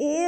air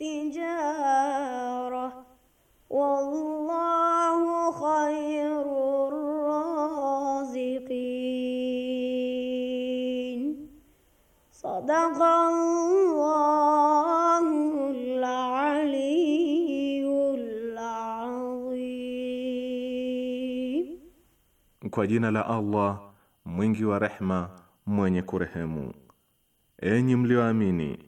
التجارة والله خير الرازقين صدق الله العلي العظيم kwa jina la Allah mwingi wa rehema mwenye kurehemu enyi mlioamini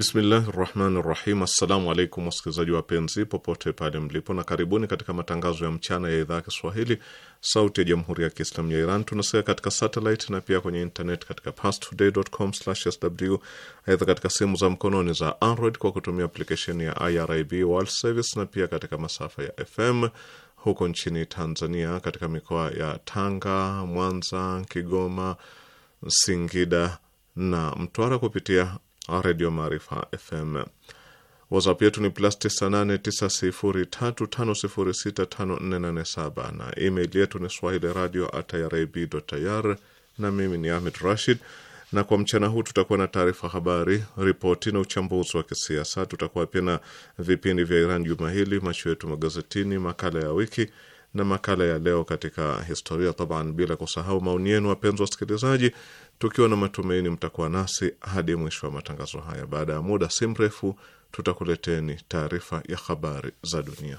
Bismillahi rahmani rahim. Assalamu alaikum wasikilizaji wapenzi popote pale mlipo, na karibuni katika matangazo ya mchana ya idhaa ya Kiswahili sauti ya jamhuri ya Kiislamu ya Iran. Tunasikia katika satelit na pia kwenye internet katika parstoday.com/sw. Aidha, katika simu za mkononi za Android kwa kutumia application ya IRIB World Service na pia katika masafa ya FM huko nchini Tanzania, katika mikoa ya Tanga, Mwanza, Kigoma, Singida na Mtwara kupitia Redio Maarifa FM. WhatsApp yetu ni plus 989035065487 na email yetu ni swahili radio irib.ir. Na mimi ni Ahmed Rashid, na kwa mchana huu tutakuwa na taarifa habari, ripoti na uchambuzi wa kisiasa. Tutakuwa pia na vipindi vya Iran juma hili, macho yetu magazetini, makala ya wiki na makala ya leo katika historia taban, bila kusahau maoni yenu, wapenzi wasikilizaji, tukiwa na matumaini mtakuwa nasi hadi mwisho wa matangazo haya. Baada ya muda si mrefu, tutakuleteni taarifa ya habari za dunia.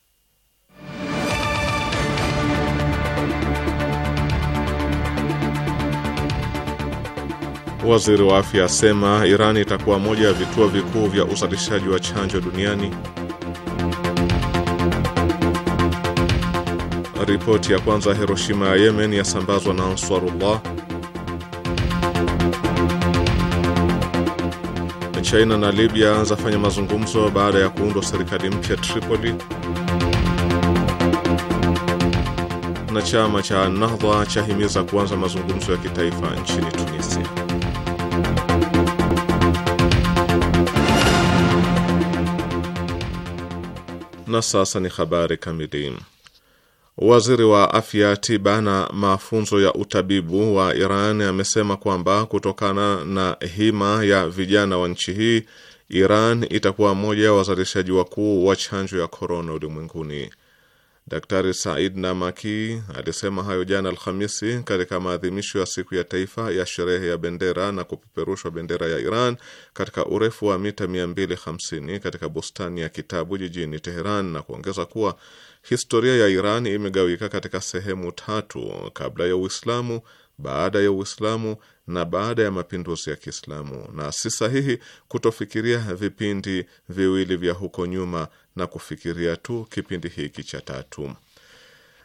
Waziri wa afya asema Iran itakuwa moja ya vituo vikuu vya uzalishaji wa chanjo duniani. Ripoti ya kwanza Hiroshima ya Yemen yasambazwa na Ansarullah. China na Libya zafanya mazungumzo baada ya kuundwa serikali mpya Tripoli. Na chama cha Nahdha chahimiza kuanza mazungumzo ya kitaifa nchini Tunisia. Na sasa ni habari kamili. Waziri wa afya, tiba na mafunzo ya utabibu wa Iran amesema kwamba kutokana na hima ya vijana wa nchi hii, Iran itakuwa moja ya wazalishaji wakuu wa chanjo ya korona ulimwenguni. Daktari Said Namaki alisema hayo jana Alhamisi katika maadhimisho ya siku ya taifa ya sherehe ya bendera na kupeperushwa bendera ya Iran katika urefu wa mita 250 katika bustani ya kitabu jijini Teheran, na kuongeza kuwa historia ya Iran imegawika katika sehemu tatu: kabla ya Uislamu, baada ya Uislamu na baada ya mapinduzi ya Kiislamu, na si sahihi kutofikiria vipindi viwili vya huko nyuma na kufikiria tu kipindi hiki cha tatu.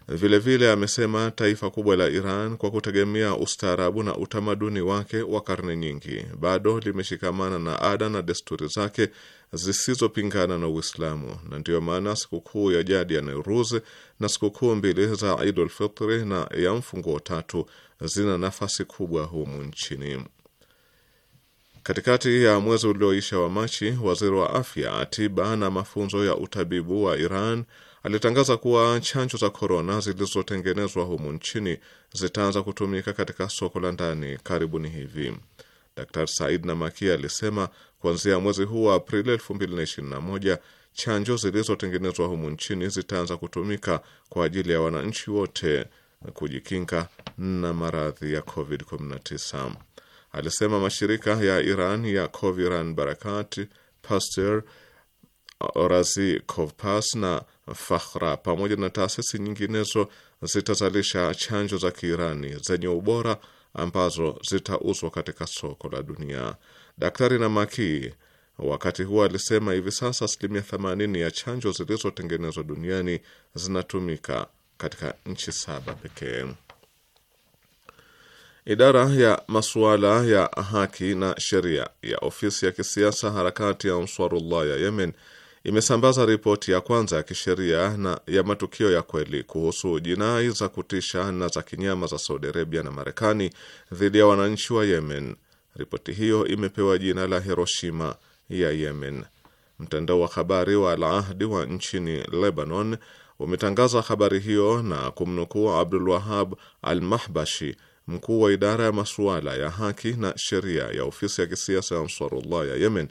Vilevile vile amesema taifa kubwa la Iran kwa kutegemea ustaarabu na utamaduni wake wa karne nyingi bado limeshikamana na ada na desturi zake zisizopingana na Uislamu, na ndiyo maana sikukuu ya jadi ya Neuruz na sikukuu mbili za Idul Fitri na ya mfunguo tatu zina nafasi kubwa humu nchini. Katikati ya mwezi ulioisha wa Machi, waziri wa afya, tiba na mafunzo ya utabibu wa Iran alitangaza kuwa chanjo za korona zilizotengenezwa humu nchini zitaanza kutumika katika soko la ndani karibuni hivi. Dr Said Namaki alisema kuanzia mwezi huu wa Aprili 2021 chanjo zilizotengenezwa humu nchini zitaanza kutumika kwa ajili ya wananchi wote kujikinga na maradhi ya COVID-19. Alisema mashirika ya Iran ya Coviran Barakat, Pasteur, orazi Kovpas na Fakhra pamoja na taasisi nyinginezo zitazalisha chanjo za Kiirani zenye ubora ambazo zitauzwa katika soko la dunia. Daktari Namaki wakati huo alisema hivi sasa asilimia 80 ya chanjo zilizotengenezwa duniani zinatumika katika nchi saba pekee. Idara ya masuala ya haki na sheria ya ofisi ya kisiasa harakati ya Ansarullah ya Yemen imesambaza ripoti ya kwanza ya kisheria na ya matukio ya kweli kuhusu jinai za kutisha na za kinyama za Saudi Arabia na Marekani dhidi ya wananchi wa Yemen. Ripoti hiyo imepewa jina la Hiroshima ya Yemen. Mtandao wa habari wa Al Ahdi wa nchini Lebanon umetangaza habari hiyo na kumnukuu Abdul Wahab Al Mahbashi mkuu wa idara ya masuala ya haki na sheria ya ofisi ya kisiasa ya Ansarullah ya Yemen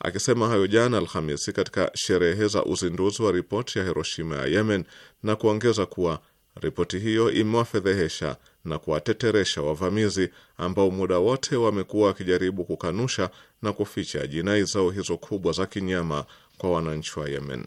akisema hayo jana Alhamisi katika sherehe za uzinduzi wa ripoti ya Hiroshima ya Yemen na kuongeza kuwa ripoti hiyo imewafedhehesha na kuwateteresha wavamizi ambao muda wote wamekuwa wakijaribu kukanusha na kuficha jinai zao hizo kubwa za kinyama kwa wananchi wa Yemen.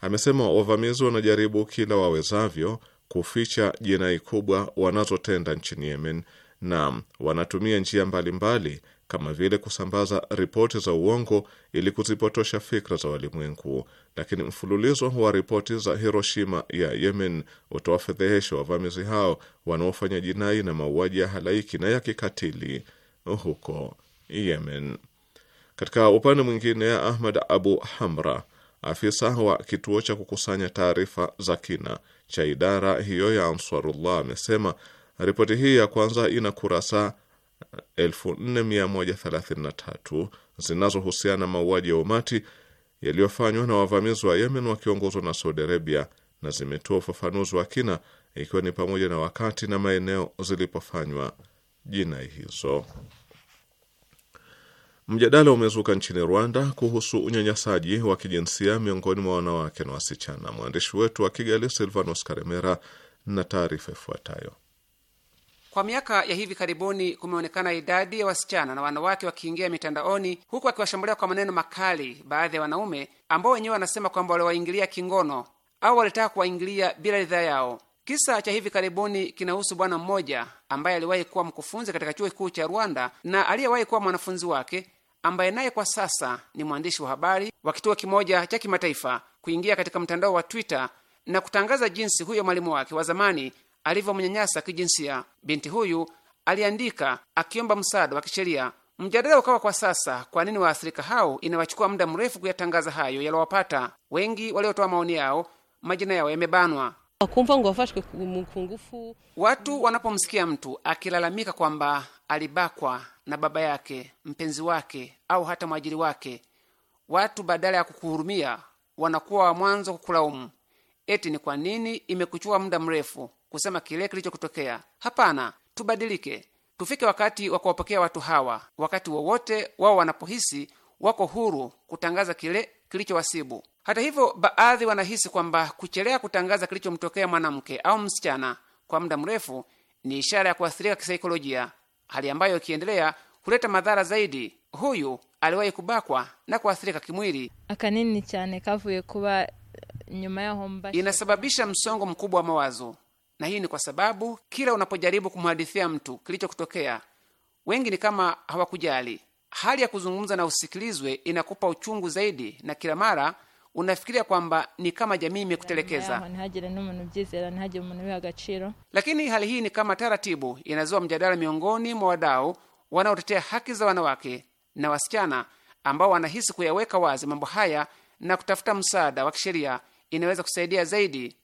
Amesema wavamizi wanajaribu kila wawezavyo kuficha jinai kubwa wanazotenda nchini Yemen na wanatumia njia mbalimbali mbali, kama vile kusambaza ripoti za uongo ili kuzipotosha fikra za walimwengu. Lakini mfululizo wa ripoti za Hiroshima ya Yemen utawafedhehesha wavamizi hao wanaofanya jinai na mauaji ya halaiki na ya kikatili huko Yemen. Katika upande mwingine, Ahmad Abu Hamra, afisa wa kituo cha kukusanya taarifa za kina cha idara hiyo ya Ansarullah amesema ripoti hii ya kwanza ina kurasa 4133 zinazohusiana mauaji ya umati yaliyofanywa na wavamizi wa Yemen wakiongozwa na Saudi Arabia na zimetoa ufafanuzi wa kina ikiwa ni pamoja na wakati na maeneo zilipofanywa jinai hizo. Mjadala umezuka nchini Rwanda kuhusu unyanyasaji wa kijinsia miongoni mwa wanawake na wasichana. Mwandishi wetu wa Kigali, Silvanos Karemera, na taarifa ifuatayo. Kwa miaka ya hivi karibuni kumeonekana idadi ya wasichana na wanawake wakiingia mitandaoni, huku akiwashambulia kwa maneno makali baadhi ya wanaume ambao wenyewe wanasema kwamba waliwaingilia kingono au walitaka kuwaingilia bila ridhaa yao. Kisa cha hivi karibuni kinahusu bwana mmoja ambaye aliwahi kuwa mkufunzi katika chuo kikuu cha Rwanda na aliyewahi kuwa mwanafunzi wake ambaye naye kwa sasa ni mwandishi wa habari wa kituo kimoja cha kimataifa kuingia katika mtandao wa Twitter na kutangaza jinsi huyo mwalimu wake wa zamani alivyomnyanyasa kijinsia. Binti huyu aliandika akiomba msaada wa kisheria. Mjadala ukawa kwa sasa, kwa nini waathirika hao inawachukua muda mrefu kuyatangaza hayo yaliowapata? Wengi waliotoa maoni yao, majina yao yamebanwa. Watu wanapomsikia mtu akilalamika kwamba alibakwa na baba yake, mpenzi wake, au hata mwajiri wake, watu badala ya kukuhurumia wanakuwa wa mwanzo kukulaumu, eti ni kwa nini imekuchukua muda mrefu kusema kile kilichokutokea. Hapana, tubadilike, tufike wakati wa kuwapokea watu hawa wakati wowote wao wanapohisi wako huru kutangaza kile kilichowasibu. Hata hivyo, baadhi wanahisi kwamba kuchelea kutangaza kilichomtokea mwanamke au msichana kwa muda mrefu ni ishara ya kuathirika kisaikolojia, hali ambayo ikiendelea huleta madhara zaidi. Huyu aliwahi kubakwa na kuathirika kimwili, akanini chane kavuye kuba nyuma yaho inasababisha msongo mkubwa wa mawazo, na hii ni kwa sababu kila unapojaribu kumhadithia mtu kilichokutokea, wengi ni kama hawakujali hali ya kuzungumza na usikilizwe inakupa uchungu zaidi, na kila mara unafikiria kwamba ni kama jamii imekutelekeza. Yaani, yaani, Lakini hali hii ni kama taratibu inazua mjadala miongoni mwa wadau wanaotetea haki za wanawake na wasichana ambao wanahisi kuyaweka wazi mambo haya na kutafuta msaada wa kisheria inaweza kusaidia zaidi.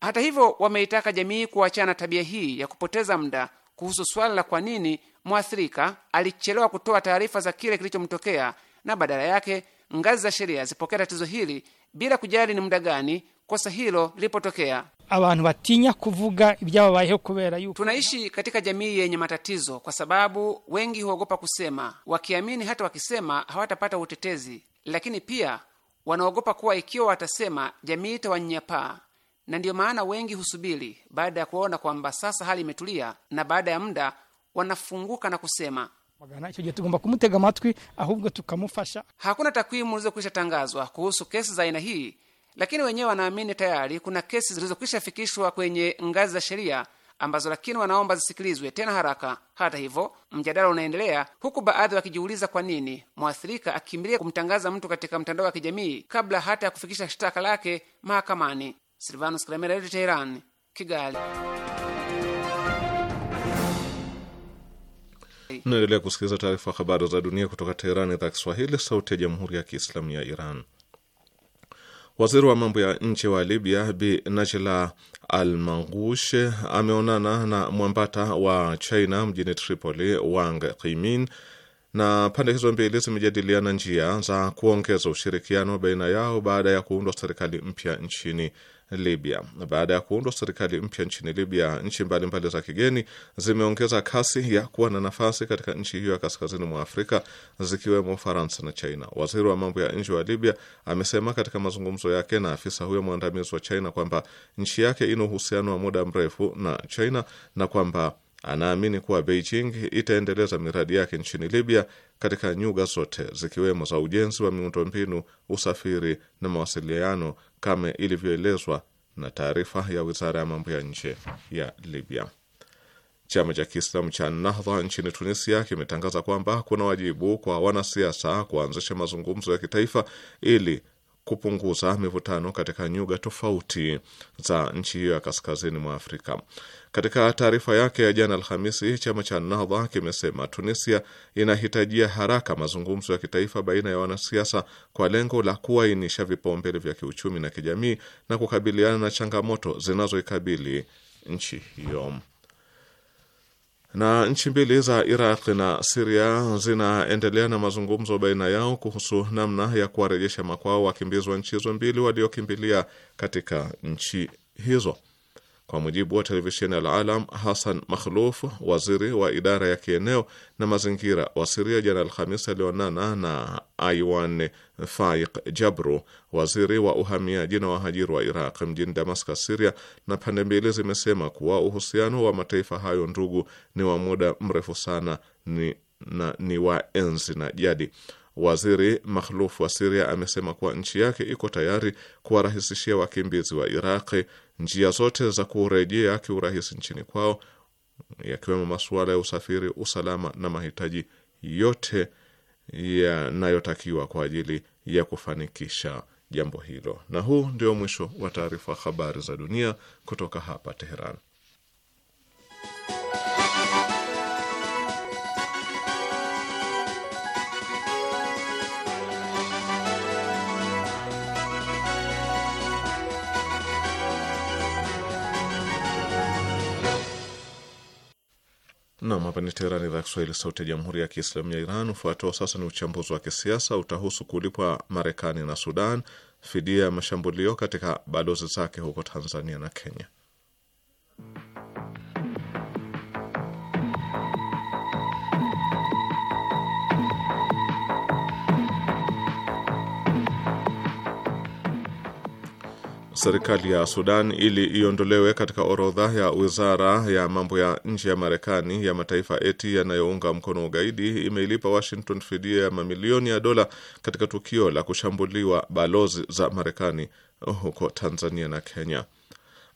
Hata hivyo, wameitaka jamii kuachana tabia hii ya kupoteza muda kuhusu swala la kwa nini mwathirika alichelewa kutoa taarifa za kile kilichomtokea na badala yake ngazi za sheria zipokea tatizo hili bila kujali ni muda gani kosa hilo lilipotokea. abantu batinya kuvuga ibyababayeho kubera yuko tunaishi katika jamii yenye matatizo, kwa sababu wengi huogopa kusema, wakiamini hata wakisema hawatapata utetezi. Lakini pia wanaogopa kuwa ikiwa watasema jamii itawanyanyapaa, na ndiyo maana wengi husubiri baada ya kuona kwamba sasa hali imetulia, na baada ya muda wanafunguka na kusema Magana, icyo tugomba kumutega amatwi ahubwo tukamufasha. Hakuna takwimu zilizokwisha tangazwa kuhusu kesi za aina hii, lakini wenyewe wanaamini tayari kuna kesi zilizokwisha fikishwa kwenye ngazi za sheria ambazo lakini wanaomba zisikilizwe tena haraka. Hata hivyo, mjadala unaendelea huku baadhi wakijiuliza kwa nini mwathirika akimbilia kumtangaza mtu katika mtandao wa kijamii kabla hata ya kufikisha shtaka lake mahakamani. Silvanus Kalemera, Teheran, Kigali. naendelea kusikiliza taarifa habari za dunia kutoka Teherani, idhaa Kiswahili, sauti ya jamhuri ya kiislamu ya Iran. Waziri wa mambo ya nje wa Libya Bi Najla Al-Mangush ameonana na mwambata wa China mjini Tripoli, Wang Qimin, na pande hizo mbili zimejadiliana njia za kuongeza ushirikiano baina yao baada ya kuundwa serikali mpya nchini Libya. Baada ya kuundwa serikali mpya nchini Libya, nchi mbalimbali za kigeni zimeongeza kasi ya kuwa na nafasi katika nchi hiyo ya kaskazini mwa Afrika, zikiwemo Ufaransa na China. Waziri wa mambo ya nje wa Libya amesema katika mazungumzo yake na afisa huyo mwandamizi wa China kwamba nchi yake ina uhusiano wa muda mrefu na China na kwamba anaamini kuwa Beijing itaendeleza miradi yake nchini Libya katika nyuga zote zikiwemo za ujenzi wa miundombinu, usafiri na mawasiliano kama ilivyoelezwa na taarifa ya wizara ya mambo ya nje ya Libya. Chama cha Kiislamu cha Nahdha nchini Tunisia kimetangaza kwamba kuna wajibu kwa wanasiasa kuanzisha mazungumzo ya kitaifa ili kupunguza mivutano katika nyuga tofauti za nchi hiyo ya kaskazini mwa Afrika. Katika taarifa yake ya jana Alhamisi, chama cha Nahdha kimesema Tunisia inahitajia haraka mazungumzo ya kitaifa baina ya wanasiasa kwa lengo la kuainisha vipaumbele vya kiuchumi na kijamii na kukabiliana na changamoto zinazoikabili nchi hiyo na nchi mbili za Iraq na Siria zinaendelea na mazungumzo baina yao kuhusu namna ya kuwarejesha makwao wakimbizi wa nchi hizo mbili waliokimbilia katika nchi hizo. Kwa mujibu wa televisheni Al Alam, Hassan Makhluf, waziri wa idara ya kieneo na mazingira wa Siria, jana Alhamis alionana na Aiwan Faik Jabru, waziri wa uhamiaji na wahajiri wa Iraq mjini Damascus, Siria, na pande mbili zimesema kuwa uhusiano wa mataifa hayo ndugu ni wa muda mrefu sana ni, na, ni wa enzi na jadi. Waziri Makhluf wa Siria amesema kuwa nchi yake iko tayari kuwarahisishia wakimbizi wa Iraqi njia zote za kurejea kiurahisi nchini kwao, yakiwemo masuala ya usafiri, usalama na mahitaji yote yanayotakiwa kwa ajili ya kufanikisha jambo hilo. Na huu ndio mwisho wa taarifa habari za dunia kutoka hapa Teheran. Nam, hapa ni Teherani, idhaa Kiswahili, sauti ya jamhuri ya kiislamu ya Iran. Ufuatao sasa ni uchambuzi wa kisiasa, utahusu kulipwa Marekani na Sudan fidia ya mashambulio katika balozi zake huko Tanzania na Kenya. serikali ya Sudan ili iondolewe katika orodha ya wizara ya mambo ya nje ya Marekani ya mataifa eti yanayounga mkono ugaidi imeilipa Washington fidia ya mamilioni ya dola katika tukio la kushambuliwa balozi za Marekani huko Tanzania na Kenya.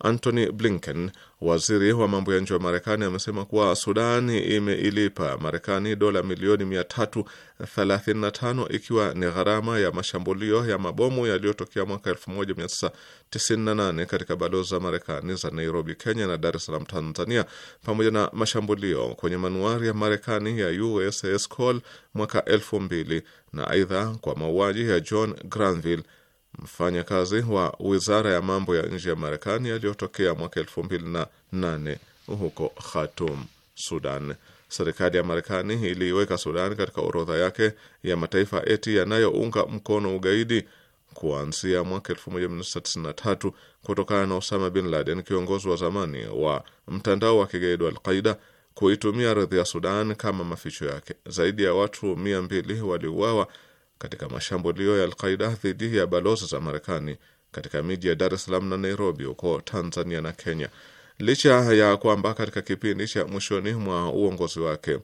Antony Blinken, waziri wa mambo ya nje wa Marekani, amesema kuwa sudan imeilipa Marekani dola milioni 335 ikiwa ni gharama ya mashambulio ya mabomu yaliyotokea mwaka 1998 katika balozi za Marekani za Nairobi, Kenya na Dar es Salaam, Tanzania, pamoja na mashambulio kwenye manuari ya Marekani ya USS Cole mwaka 2000 na aidha kwa mauaji ya John Granville mfanyakazi wa wizara ya mambo ya nje ya Marekani yaliyotokea mwaka elfu mbili na nane huko Khartoum, Sudan. Serikali ya Marekani iliiweka Sudan katika orodha yake ya mataifa eti yanayounga mkono ugaidi kuanzia mwaka tatu kutokana na Osama bin Laden, kiongozi wa zamani wa mtandao wa kigaidi wa Alqaida, kuitumia ardhi ya Sudan kama maficho yake. Zaidi ya watu mia mbili waliuawa katika mashambulio ya Alqaida dhidi ya balozi za Marekani katika miji ya Dar es Salaam na Nairobi huko Tanzania na Kenya, licha ya kwamba katika kipindi cha mwishoni mwa uongozi wake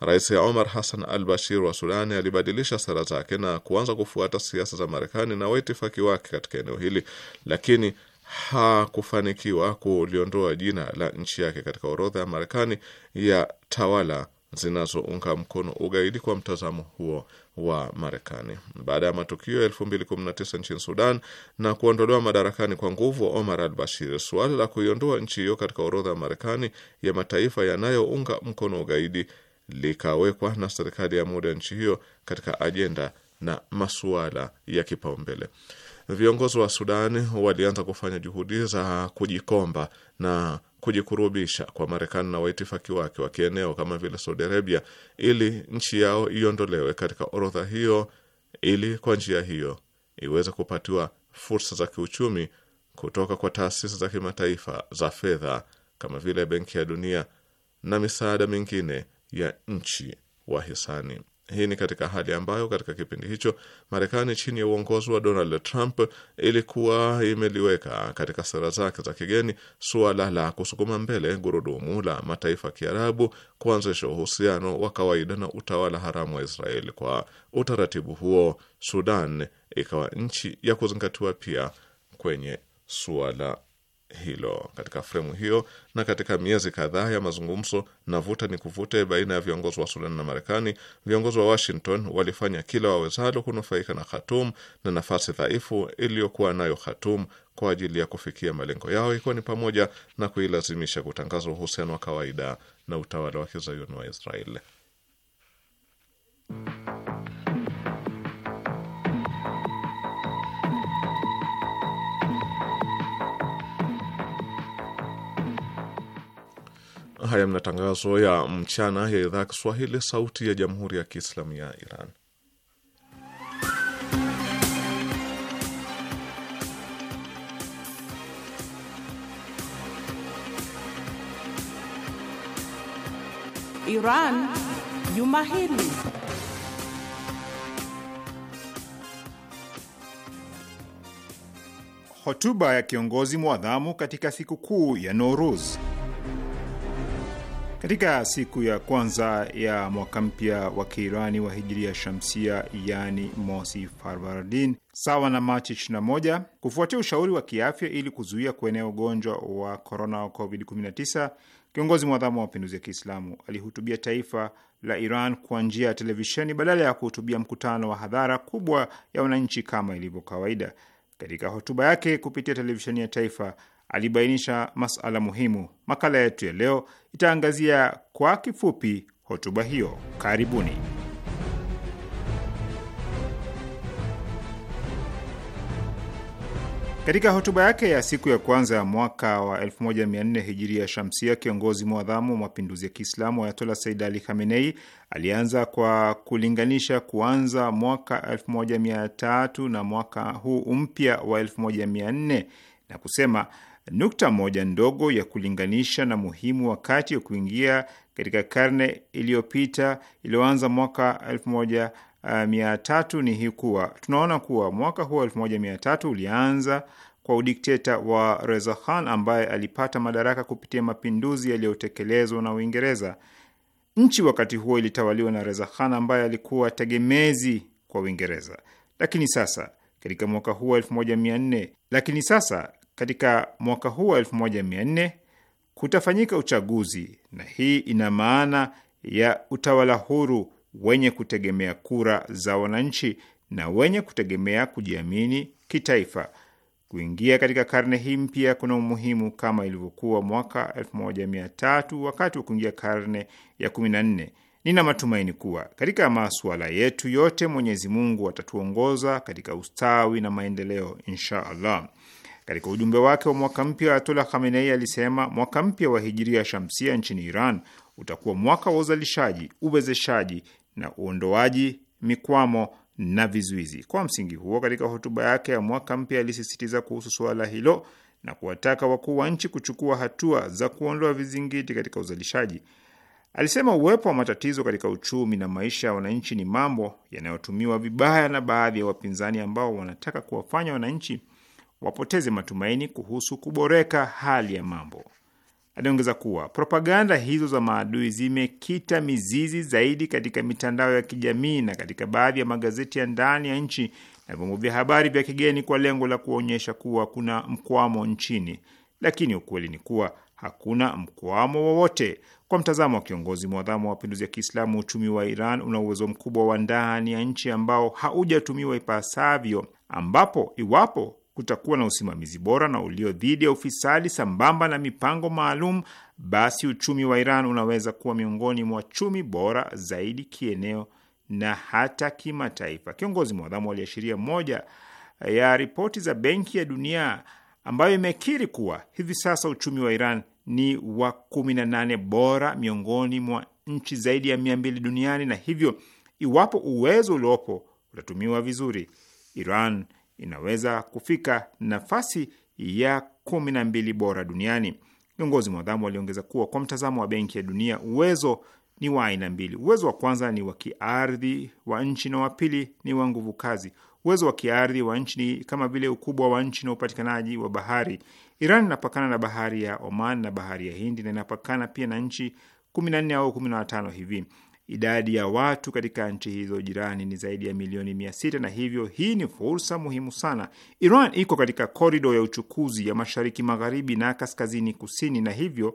Rais Omar Hassan al Bashir wa Sudani alibadilisha sera zake na kuanza kufuata siasa za Marekani na waitifaki wake katika eneo hili, lakini hakufanikiwa kuliondoa jina la nchi yake katika orodha ya Marekani ya tawala zinazounga mkono ugaidi kwa mtazamo huo wa Marekani. Baada ya matukio ya 2019 nchini Sudan na kuondolewa madarakani kwa nguvu Omar al Bashir, suala la kuiondoa nchi hiyo katika orodha ya Marekani ya mataifa yanayounga mkono ugaidi likawekwa na serikali ya muda ya nchi hiyo katika ajenda na masuala ya kipaumbele. Viongozi wa Sudani walianza kufanya juhudi za kujikomba na kujikurubisha kwa Marekani na waitifaki wake wa kieneo kama vile Saudi Arabia ili nchi yao iondolewe katika orodha hiyo ili kwa njia hiyo iweze kupatiwa fursa za kiuchumi kutoka kwa taasisi za kimataifa za fedha kama vile Benki ya Dunia na misaada mingine ya nchi wahisani. Hii ni katika hali ambayo katika kipindi hicho Marekani chini ya uongozi wa Donald Trump ilikuwa imeliweka katika sera zake za kigeni suala la kusukuma mbele gurudumu la mataifa Kiarabu kuanzisha uhusiano wa kawaida na utawala haramu wa Israeli. Kwa utaratibu huo, Sudan ikawa nchi ya kuzingatiwa pia kwenye suala hilo. Katika fremu hiyo na katika miezi kadhaa ya mazungumzo na vuta ni kuvute baina ya viongozi wa Sudan na Marekani, viongozi wa Washington walifanya kila wawezalo kunufaika na Khatum na nafasi dhaifu iliyokuwa nayo Khatum kwa ajili ya kufikia malengo yao, ikiwa ni pamoja na kuilazimisha kutangaza uhusiano wa kawaida na utawala wa kizayuni wa Israeli. Haya mnatangazo ya mchana ya idhaa ya Kiswahili, sauti ya jamhuri ya kiislamu ya Iran. Iran juma hili. Hotuba ya kiongozi mwadhamu katika siku kuu ya Nowruz. Katika siku ya kwanza ya mwaka mpya wa Kiirani wa hijiria shamsia, yani mosi Farvardin, sawa na Machi 21, kufuatia ushauri wa kiafya ili kuzuia kuenea ugonjwa wa korona wa COVID-19, kiongozi mwadhamu wa mapinduzi ya Kiislamu alihutubia taifa la Iran kwa njia ya televisheni badala ya kuhutubia mkutano wa hadhara kubwa ya wananchi kama ilivyo kawaida. Katika hotuba yake kupitia televisheni ya taifa alibainisha masala muhimu. Makala yetu ya leo itaangazia kwa kifupi hotuba hiyo. Karibuni. Katika hotuba yake ya siku ya kwanza ya mwaka wa 14 hijiria shamsia, kiongozi mwadhamu wa mapinduzi ya Kiislamu Ayatola Said Ali Khamenei alianza kwa kulinganisha kuanza mwaka 1300 na mwaka huu mpya wa 1400 na kusema nukta moja ndogo ya kulinganisha na muhimu wakati wa kuingia katika karne iliyopita iliyoanza mwaka elfu moja mia tatu ni hii kuwa tunaona kuwa mwaka huo elfu moja mia tatu ulianza kwa udikteta wa Reza Khan ambaye alipata madaraka kupitia mapinduzi yaliyotekelezwa na Uingereza. Nchi wakati huo ilitawaliwa na Reza Khan ambaye alikuwa tegemezi kwa Uingereza, lakini sasa katika mwaka wa elfu moja mia nne lakini sasa katika mwaka huu wa 1400 kutafanyika uchaguzi, na hii ina maana ya utawala huru wenye kutegemea kura za wananchi na wenye kutegemea kujiamini kitaifa. Kuingia katika karne hii mpya kuna umuhimu kama ilivyokuwa mwaka 1300 wakati wa kuingia karne ya 14. Nina matumaini kuwa katika masuala yetu yote Mwenyezi Mungu atatuongoza katika ustawi na maendeleo, insha Allah. Katika ujumbe wake wa mwaka mpya, Ayatollah Khamenei alisema mwaka mpya wa hijiria shamsia nchini Iran utakuwa mwaka wa uzalishaji, uwezeshaji na uondoaji mikwamo na vizuizi. Kwa msingi huo, katika hotuba yake ya mwaka mpya alisisitiza kuhusu suala hilo na kuwataka wakuu wa nchi kuchukua hatua za kuondoa vizingiti katika uzalishaji. Alisema uwepo wa matatizo katika uchumi na maisha ya wananchi ni mambo yanayotumiwa vibaya na baadhi ya wapinzani ambao wanataka kuwafanya wananchi wapoteze matumaini kuhusu kuboreka hali ya mambo. Aliongeza kuwa propaganda hizo za maadui zimekita mizizi zaidi katika mitandao ya kijamii na katika baadhi ya magazeti ya ndani ya nchi na vyombo vya habari vya kigeni kwa lengo la kuonyesha kuwa kuna mkwamo nchini, lakini ukweli ni kuwa hakuna mkwamo wowote. Kwa mtazamo wa kiongozi mwadhamu wa mapinduzi ya Kiislamu, uchumi wa Iran una uwezo mkubwa wa ndani ya nchi ambao haujatumiwa ipasavyo, ambapo iwapo kutakuwa na usimamizi bora na ulio dhidi ya ufisadi sambamba na mipango maalum, basi uchumi wa Iran unaweza kuwa miongoni mwa chumi bora zaidi kieneo na hata kimataifa. Kiongozi mwadhamu aliashiria moja ya ripoti za Benki ya Dunia ambayo imekiri kuwa hivi sasa uchumi wa Iran ni wa 18 bora miongoni mwa nchi zaidi ya 200 duniani, na hivyo iwapo uwezo uliopo utatumiwa vizuri, Iran inaweza kufika nafasi ya kumi na mbili bora duniani. Viongozi mwadhamu waliongeza kuwa kwa mtazamo wa Benki ya Dunia, uwezo ni wa aina mbili. Uwezo wa kwanza ni wa kiardhi wa nchi na wa pili ni wa nguvu kazi. Uwezo wa kiardhi wa nchi ni kama vile ukubwa wa nchi na upatikanaji wa bahari. Iran inapakana na bahari ya Oman na bahari ya Hindi na inapakana pia na nchi kumi na nne au kumi na tano hivi idadi ya watu katika nchi hizo jirani ni zaidi ya milioni mia sita na hivyo hii ni fursa muhimu sana. Iran iko katika korido ya uchukuzi ya mashariki magharibi na kaskazini kusini, na hivyo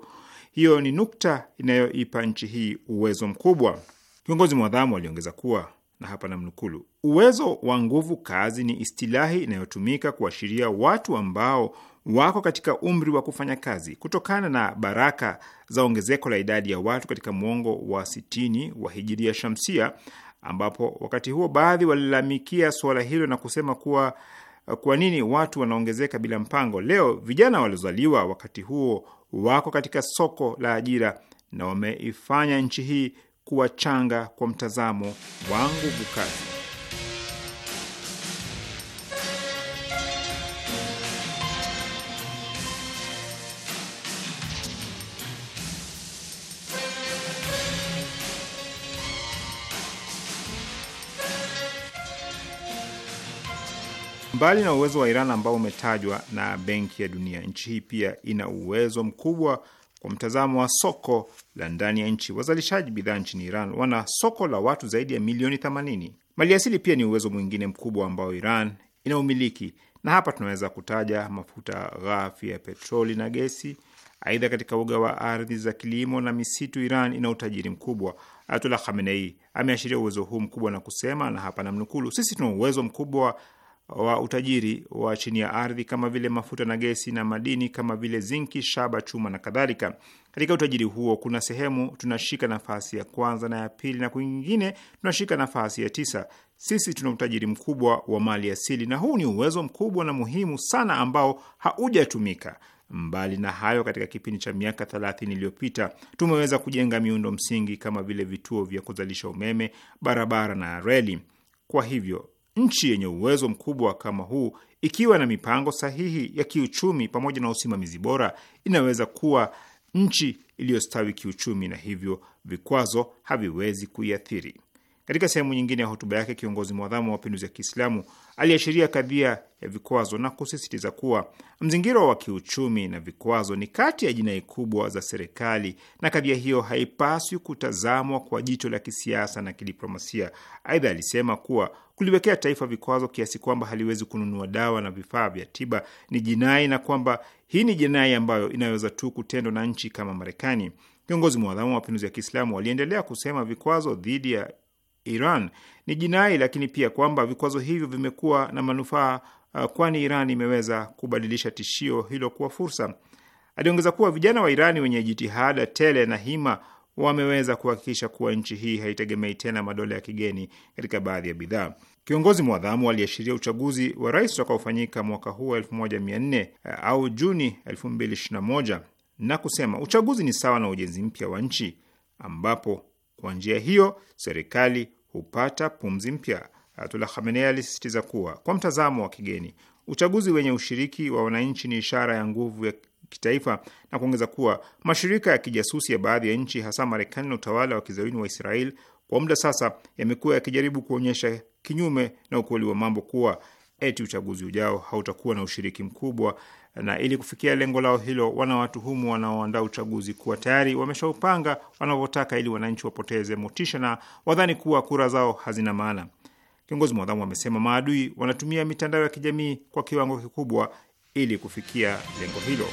hiyo ni nukta inayoipa nchi hii uwezo mkubwa. Kiongozi mwadhamu aliongeza kuwa na hapa namnukulu, uwezo wa nguvu kazi ni istilahi inayotumika kuashiria watu ambao wako katika umri wa kufanya kazi. Kutokana na baraka za ongezeko la idadi ya watu katika mwongo wa sitini wa hijiria shamsia, ambapo wakati huo baadhi walilalamikia suala hilo na kusema kuwa eh, kwa nini watu wanaongezeka bila mpango. Leo vijana waliozaliwa wakati huo wako katika soko la ajira na wameifanya nchi hii kuwa changa kwa mtazamo wa nguvu kazi. Mbali na uwezo wa Iran ambao umetajwa na Benki ya Dunia, nchi hii pia ina uwezo mkubwa kwa mtazamo wa soko la ndani ya nchi. Wazalishaji bidhaa nchini Iran wana soko la watu zaidi ya milioni 80. Maliasili pia ni uwezo mwingine mkubwa ambao Iran ina umiliki, na hapa tunaweza kutaja mafuta ghafi ya petroli na gesi. Aidha, katika uga wa ardhi za kilimo na misitu, Iran ina utajiri mkubwa. Ayatullah Khamenei ameashiria uwezo huu mkubwa na kusema, na hapa namnukulu sisi tuna uwezo mkubwa wa utajiri wa chini ya ardhi kama vile mafuta na gesi na madini kama vile zinki, shaba, chuma na kadhalika. Katika utajiri huo kuna sehemu tunashika nafasi ya kwanza na ya pili na kwingine tunashika nafasi ya tisa. Sisi tuna utajiri mkubwa wa mali asili, na huu ni uwezo mkubwa na muhimu sana ambao haujatumika. Mbali na hayo, katika kipindi cha miaka thelathini iliyopita tumeweza kujenga miundo msingi kama vile vituo vya kuzalisha umeme, barabara na reli. Kwa hivyo Nchi yenye uwezo mkubwa kama huu, ikiwa na mipango sahihi ya kiuchumi pamoja na usimamizi bora, inaweza kuwa nchi iliyostawi kiuchumi, na hivyo vikwazo haviwezi kuiathiri. Katika sehemu nyingine ya hotuba yake, kiongozi mwadhamu wa mapinduzi ya Kiislamu aliashiria kadhia ya vikwazo na kusisitiza kuwa mzingiro wa kiuchumi na vikwazo ni kati ya jinai kubwa za serikali na kadhia hiyo haipaswi kutazamwa kwa jicho la kisiasa na kidiplomasia. Aidha, alisema kuwa kuliwekea taifa vikwazo kiasi kwamba haliwezi kununua dawa na vifaa vya tiba ni jinai na kwamba hii ni jinai ambayo inaweza tu kutendwa na nchi kama Marekani. Kiongozi mwadhamu wa mapinduzi ya Kiislamu aliendelea kusema vikwazo dhidi ya Iran. Ni jinai, lakini pia kwamba vikwazo hivyo vimekuwa na manufaa, uh, kwani Iran imeweza kubadilisha tishio hilo kuwa fursa. Aliongeza kuwa vijana wa Irani wenye jitihada tele na hima wameweza kuhakikisha kuwa nchi hii haitegemei tena madola ya kigeni katika baadhi ya bidhaa. Kiongozi mwadhamu aliashiria uchaguzi wa rais utakaofanyika mwaka huu 1400 uh, au Juni 2021 na kusema uchaguzi ni sawa na ujenzi mpya wa nchi ambapo kwa njia hiyo serikali hupata pumzi mpya. Ayatullah Khamenei alisisitiza kuwa kwa mtazamo wa kigeni, uchaguzi wenye ushiriki wa wananchi ni ishara ya nguvu ya kitaifa na kuongeza kuwa mashirika ya kijasusi ya baadhi ya nchi hasa Marekani na utawala wa kizayuni wa Israel kwa muda sasa yamekuwa yakijaribu kuonyesha kinyume na ukweli wa mambo kuwa eti uchaguzi ujao hautakuwa na ushiriki mkubwa na ili kufikia lengo lao hilo, wanawatuhumu wanaoandaa uchaguzi kuwa tayari wameshaupanga wanavyotaka ili wananchi wapoteze motisha na wadhani kuwa kura zao hazina maana. Kiongozi mwadhamu amesema maadui wanatumia mitandao ya kijamii kwa kiwango kikubwa ili kufikia lengo hilo.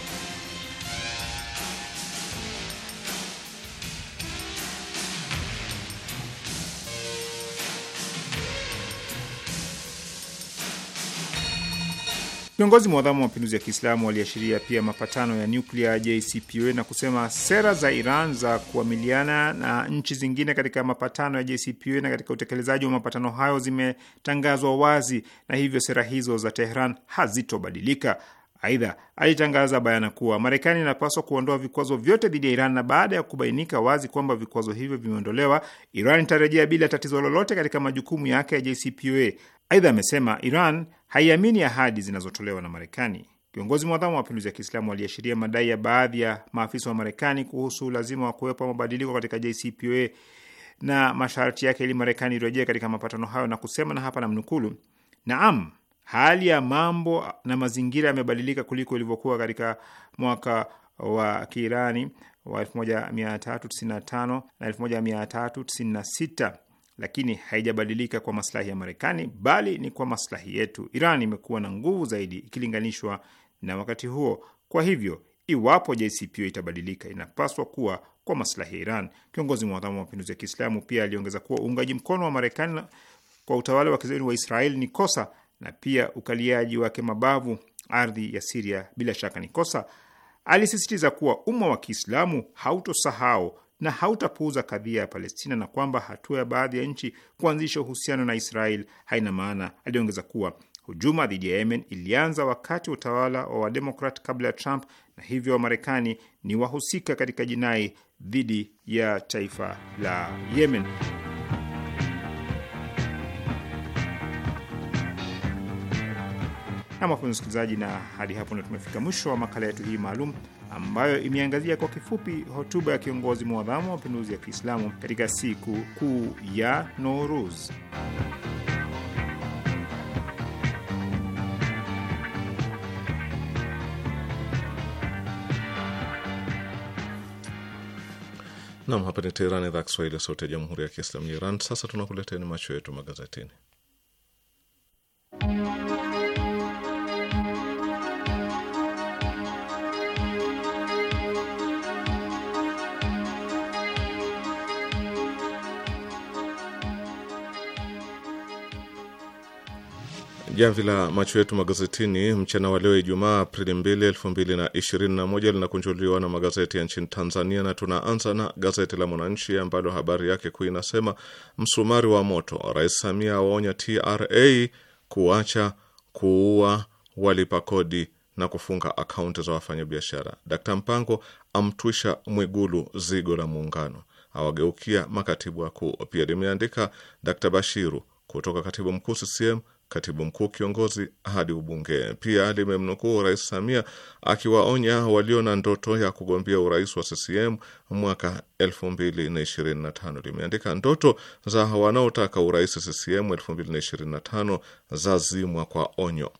Viongozi mwadhamu wa mapinduzi ya Kiislamu waliashiria pia mapatano ya nyuklia JCPOA na kusema sera za Iran za kuamiliana na nchi zingine katika mapatano ya JCPOA na katika utekelezaji wa mapatano hayo zimetangazwa wazi na hivyo sera hizo za Tehran hazitobadilika. Aidha, alitangaza bayana kuwa Marekani inapaswa kuondoa vikwazo vyote dhidi ya Iran na baada ya kubainika wazi kwamba vikwazo hivyo vimeondolewa, Iran itarejea bila tatizo lolote katika majukumu yake ya JCPOA. Aidha amesema Iran haiamini ahadi zinazotolewa na Marekani. Kiongozi mwadhamu wa mapinduzi ya Kiislamu aliashiria madai ya baadhi ya maafisa wa Marekani kuhusu ulazima wa kuwepo mabadiliko katika JCPOA na masharti yake ili Marekani irejee katika mapatano hayo na kusema, na hapa namnukulu, naam, hali ya mambo na mazingira yamebadilika kuliko ilivyokuwa katika mwaka wa Kiirani wa 1395 na 1396 lakini haijabadilika kwa maslahi ya Marekani bali ni kwa maslahi yetu. Iran imekuwa na nguvu zaidi ikilinganishwa na wakati huo. Kwa hivyo, iwapo JCPO itabadilika, inapaswa kuwa kwa maslahi ya Iran. Kiongozi mwadhamu wa mapinduzi ya Kiislamu pia aliongeza kuwa uungaji mkono wa Marekani kwa utawala wa kizayuni wa Israel ni kosa na pia ukaliaji wake mabavu ardhi ya Siria bila shaka ni kosa. Alisisitiza kuwa umma wa Kiislamu hautosahau na hautapuuza kadhia ya Palestina na kwamba hatua ya baadhi ya nchi kuanzisha uhusiano na Israel haina maana. Aliongeza kuwa hujuma dhidi ya Yemen ilianza wakati wa utawala wa Wademokrat kabla ya Trump, na hivyo Wamarekani ni wahusika katika jinai dhidi ya taifa la Yemen. Namwape msikilizaji, na hadi hapo ndo tumefika mwisho wa makala yetu hii maalum ambayo imeangazia kwa kifupi hotuba ya kiongozi mwadhamu wa mapinduzi ya Kiislamu katika siku kuu ya Nowruz. Nam, hapa ni Teherani, idhaa Kiswahili, sauti ya jamhuri ya kiislamu ya Iran. Sasa tunakuletea ni macho yetu magazetini. jamvi la macho yetu magazetini mchana wa leo Ijumaa Aprili 2, 2021 linakunjuliwa na magazeti ya nchini Tanzania, na tunaanza na gazeti la Mwananchi ambalo habari yake kuu inasema msumari wa moto, Rais Samia awaonya TRA kuacha kuua walipa kodi na kufunga akaunti za wafanyabiashara. Dkt Mpango amtwisha Mwigulu zigo la muungano, awageukia makatibu wakuu. Pia limeandika Dkt Bashiru kutoka katibu mkuu CCM katibu mkuu kiongozi hadi ubunge. Pia limemnukuu Rais Samia akiwaonya walio na ndoto ya kugombea urais wa CCM mwaka 2025. Limeandika ndoto za wanaotaka urais CCM 2025 zazimwa kwa onyo.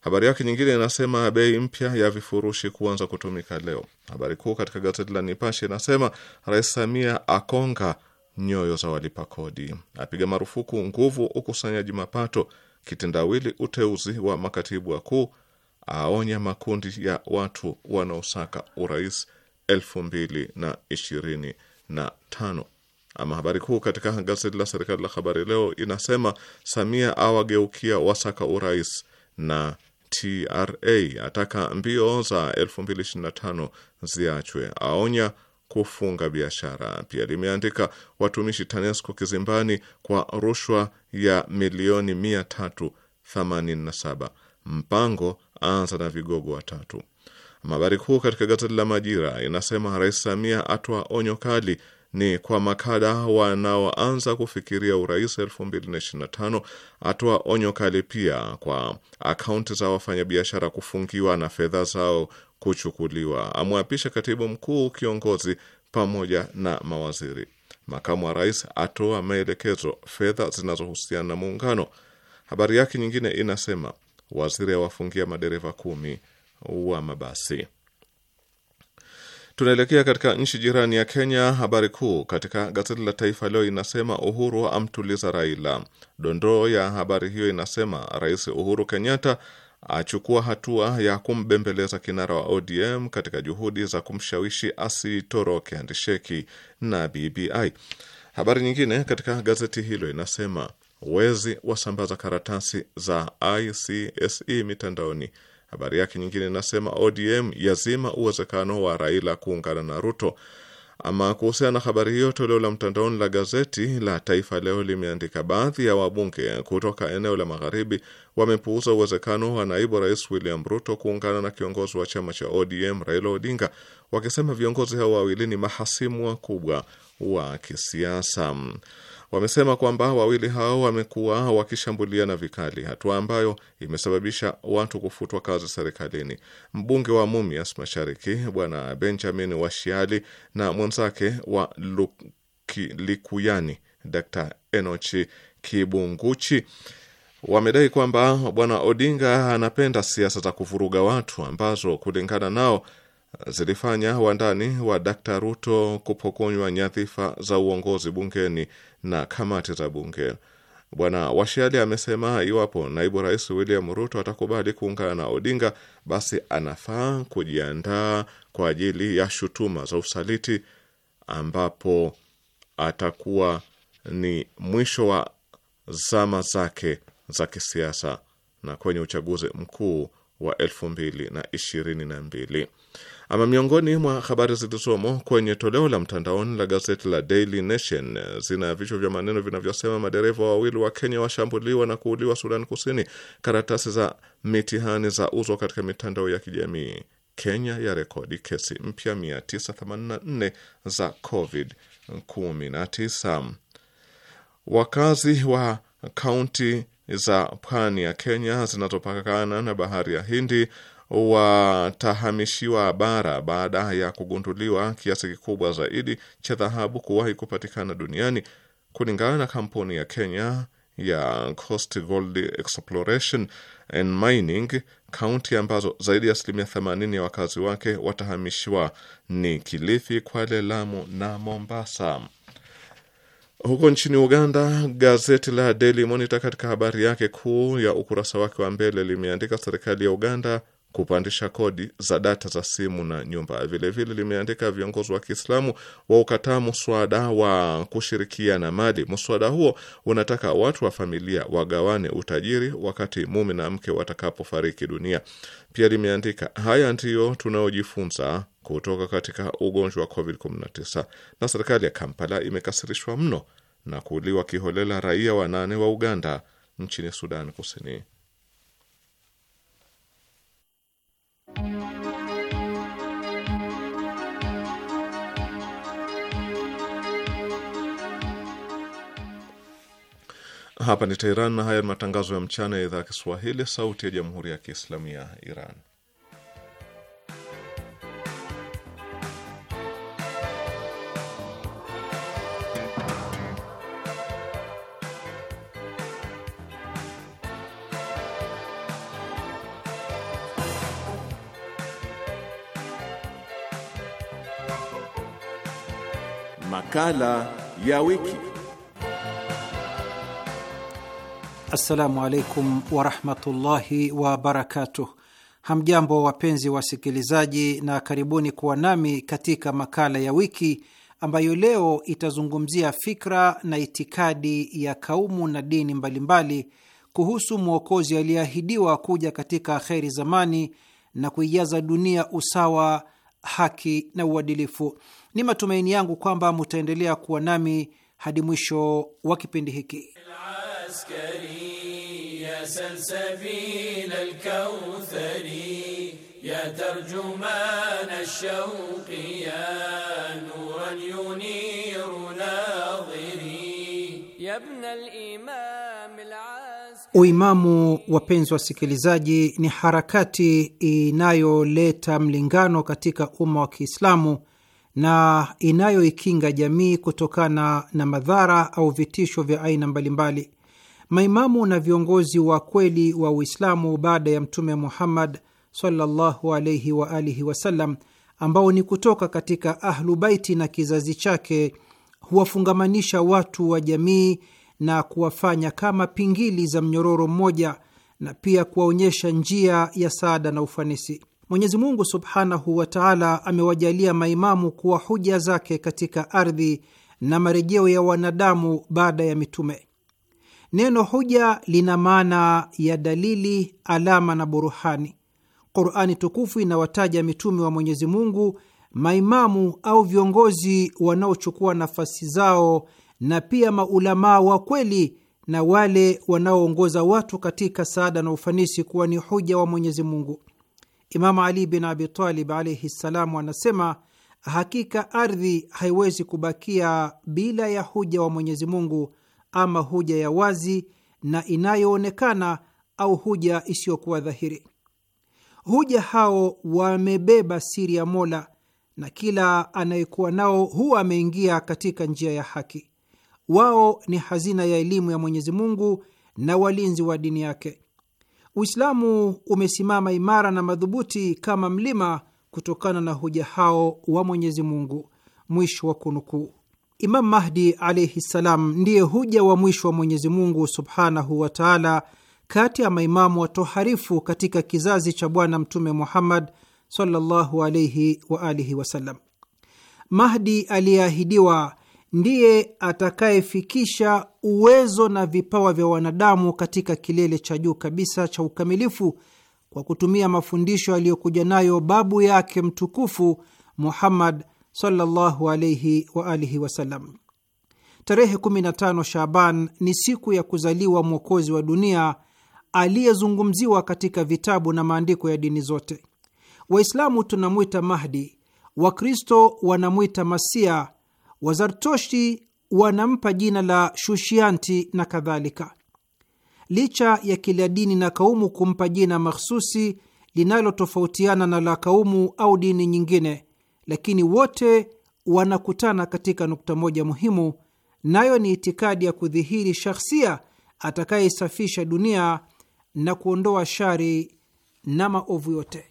Habari yake nyingine inasema bei mpya ya vifurushi kuanza kutumika leo. Habari kuu katika gazeti la Nipashe inasema Rais Samia akonga nyoyo za walipa kodi, apiga marufuku nguvu ukusanyaji mapato kitendawili uteuzi wa makatibu wakuu, aonya makundi ya watu wanaosaka urais elfu mbili na ishirini na tano. Ama habari kuu katika gazeti la serikali la Habari Leo inasema Samia awageukia wasaka urais na TRA ataka mbio za 2025 ziachwe, aonya kufunga biashara. Pia limeandika watumishi TANESCO kizimbani kwa rushwa ya milioni 387, mpango anza na vigogo watatu. Habari kuu katika gazeti la Majira inasema Rais Samia atoa onyo kali ni kwa makada wanaoanza kufikiria urais 2025. Atoa onyo kali pia kwa akaunti za wafanyabiashara kufungiwa na fedha zao kuchukuliwa. Amwapisha katibu mkuu kiongozi pamoja na mawaziri. Makamu wa rais atoa maelekezo fedha zinazohusiana na muungano. Habari yake nyingine inasema waziri awafungia madereva kumi wa mabasi. Tunaelekea katika nchi jirani ya Kenya. Habari kuu katika gazeti la Taifa Leo inasema Uhuru amtuliza Raila. Dondoo ya habari hiyo inasema Rais Uhuru Kenyatta achukua hatua ya kumbembeleza kinara wa ODM katika juhudi za kumshawishi asitoroke andisheki na BBI. Habari nyingine katika gazeti hilo inasema wezi wasambaza karatasi za ICSE mitandaoni. Habari yake nyingine inasema ODM yazima uwezekano wa Raila kuungana na Ruto. Ama kuhusiana na habari hiyo, toleo la mtandaoni la gazeti la Taifa Leo limeandika baadhi ya wabunge kutoka eneo la magharibi wamepuuza uwezekano wa naibu rais William Ruto kuungana na kiongozi wa chama cha ODM Raila Odinga, wakisema viongozi hao wawili ni mahasimu wakubwa wa kisiasa wamesema kwamba wawili hao wamekuwa wakishambuliana vikali, hatua ambayo imesababisha watu kufutwa kazi serikalini. Mbunge wa Mumias Mashariki Bwana Benjamin Washiali na mwenzake wa Likuyani Dr. Enochi Kibunguchi wamedai kwamba Bwana Odinga anapenda siasa za kuvuruga watu ambazo kulingana nao zilifanya wandani wa Dkt Ruto kupokonywa nyadhifa za uongozi bungeni na kamati za bunge. Bwana Washiali amesema iwapo naibu rais William Ruto atakubali kuungana na Odinga, basi anafaa kujiandaa kwa ajili ya shutuma za usaliti, ambapo atakuwa ni mwisho wa zama zake za kisiasa na kwenye uchaguzi mkuu wa elfu mbili na ishirini na mbili ama miongoni mwa habari zilizomo kwenye toleo la mtandaoni la gazeti la Daily Nation zina vichwa vya maneno vinavyosema madereva wawili wa Kenya washambuliwa na kuuliwa Sudan Kusini, karatasi za mitihani za uzwa katika mitandao ya kijamii, Kenya ya rekodi kesi mpya 984 za COVID-19, wakazi wa kaunti za pwani ya Kenya zinazopakana na bahari ya Hindi watahamishiwa bara baada ya kugunduliwa kiasi kikubwa zaidi cha dhahabu kuwahi kupatikana duniani kulingana na kampuni ya Kenya ya Coast Gold Exploration and Mining. Kaunti ambazo zaidi ya asilimia 80 ya wakazi wake watahamishiwa ni Kilifi, Kwale, Lamu na Mombasa. Huko nchini Uganda, gazeti la Daily Monitor katika habari yake kuu ya ukurasa wake wa mbele limeandika serikali ya Uganda kupandisha kodi za data za simu na nyumba. Vilevile limeandika viongozi wa Kiislamu wa ukataa muswada wa kushirikiana mali. Muswada huo unataka watu wa familia wagawane utajiri wakati mume na mke watakapofariki dunia. Pia limeandika haya ndiyo tunayojifunza kutoka katika ugonjwa wa COVID-19, na serikali ya Kampala imekasirishwa mno na kuuliwa kiholela raia wanane wa Uganda nchini Sudan Kusini. Hapa ni Teheran na haya ni matangazo ya mchana ya idhaa ya Kiswahili, sauti ya jamhuri ya kiislamu ya Iran. Makala ya wiki. Assalamu alaikum warahmatullahi wabarakatuh. Hamjambo wapenzi wasikilizaji, na karibuni kuwa nami katika makala ya wiki ambayo leo itazungumzia fikra na itikadi ya kaumu na dini mbalimbali kuhusu mwokozi aliyeahidiwa kuja katika kheri zamani na kuijaza dunia usawa, haki na uadilifu. Ni matumaini yangu kwamba mutaendelea kuwa nami hadi mwisho wa kipindi hiki. سلسبيل الكوثر يا ترجمان الشوق يا نورا ينير ناظري يا ابن الامام Uimamu, wapenzi wasikilizaji, ni harakati inayoleta mlingano katika umma wa Kiislamu na inayoikinga jamii kutokana na madhara au vitisho vya aina mbalimbali maimamu na viongozi wa kweli wa Uislamu baada ya Mtume Muhammad sallallahu alaihi wa alihi wasallam, ambao ni kutoka katika Ahlu Baiti na kizazi chake, huwafungamanisha watu wa jamii na kuwafanya kama pingili za mnyororo mmoja na pia kuwaonyesha njia ya saada na ufanisi. Mwenyezi Mungu subhanahu wa taala amewajalia maimamu kuwa huja zake katika ardhi na marejeo ya wanadamu baada ya mitume. Neno hoja lina maana ya dalili, alama na buruhani. Qurani tukufu inawataja mitume wa Mwenyezi Mungu, maimamu au viongozi wanaochukua nafasi zao, na pia maulamaa wa kweli na wale wanaoongoza watu katika saada na ufanisi kuwa ni hoja wa Mwenyezi Mungu. Imamu Ali bin Abitalib alaihi ssalamu anasema hakika ardhi haiwezi kubakia bila ya hoja wa Mwenyezi Mungu ama hoja ya wazi na inayoonekana au hoja isiyokuwa dhahiri. Hoja hao wamebeba siri ya Mola na kila anayekuwa nao huwa ameingia katika njia ya haki. Wao ni hazina ya elimu ya Mwenyezi Mungu na walinzi wa dini yake. Uislamu umesimama imara na madhubuti kama mlima kutokana na hoja hao wa Mwenyezi Mungu. Mwisho wa kunukuu. Imam Mahdi alaihi ssalam ndiye huja wa mwisho wa Mwenyezi Mungu subhanahu wa taala kati ya maimamu watoharifu katika kizazi cha Bwana Mtume Muhammad sallallahu alaihi wa alihi wasallam. Mahdi aliyeahidiwa ndiye atakayefikisha uwezo na vipawa vya wanadamu katika kilele cha juu kabisa cha ukamilifu kwa kutumia mafundisho aliyokuja nayo babu yake mtukufu Muhammad sallallahu alayhi wa alihi wasallam. Tarehe 15 Shaban ni siku ya kuzaliwa mwokozi wa dunia aliyezungumziwa katika vitabu na maandiko ya dini zote. Waislamu tunamwita Mahdi, Wakristo wanamwita Masia, Wazartoshi wanampa jina la Shushianti na kadhalika. Licha ya kila dini na kaumu kumpa jina mahsusi linalotofautiana na la kaumu au dini nyingine, lakini wote wanakutana katika nukta moja muhimu, nayo ni itikadi ya kudhihiri shahsia atakayesafisha dunia na kuondoa shari na maovu yote.